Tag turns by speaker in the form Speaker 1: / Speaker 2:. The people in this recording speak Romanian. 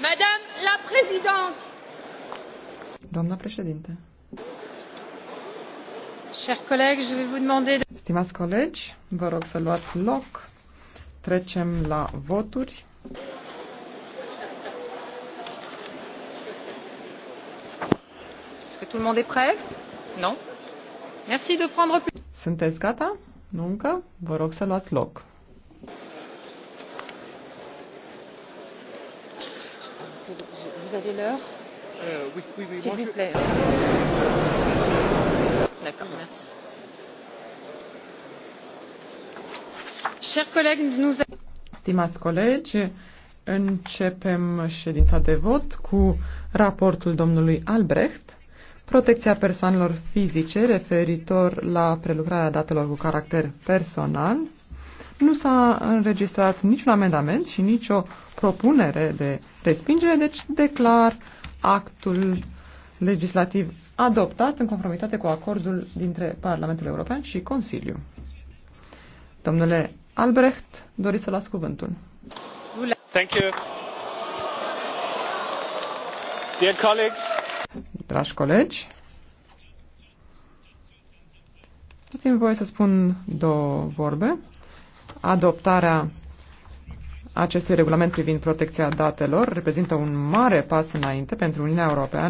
Speaker 1: Madame la Présidente. Doamna președinte. Chers collègues, je vais vous demander de... Stimați colegi, vă rog să luați loc. Trecem la voturi. Est-ce que tout le monde est prêt? Non? Merci de prendre plus. Sunteți gata? Nu încă? Vă rog să luați loc. vous avez l'heure s'il vous plaît. Stimați colegi, începem ședința de vot cu raportul domnului Albrecht, protecția persoanelor fizice referitor la prelucrarea datelor cu caracter personal. Nu s-a înregistrat niciun amendament și nicio propunere de respingere, deci declar actul legislativ adoptat în conformitate cu acordul dintre Parlamentul European și Consiliu. Domnule Albrecht, doriți să las cuvântul. Thank you. Dear colleagues. Dragi colegi, dați-mi voie să spun două vorbe. Adoptarea acestui regulament privind protecția datelor reprezintă un mare pas înainte pentru Uniunea Europeană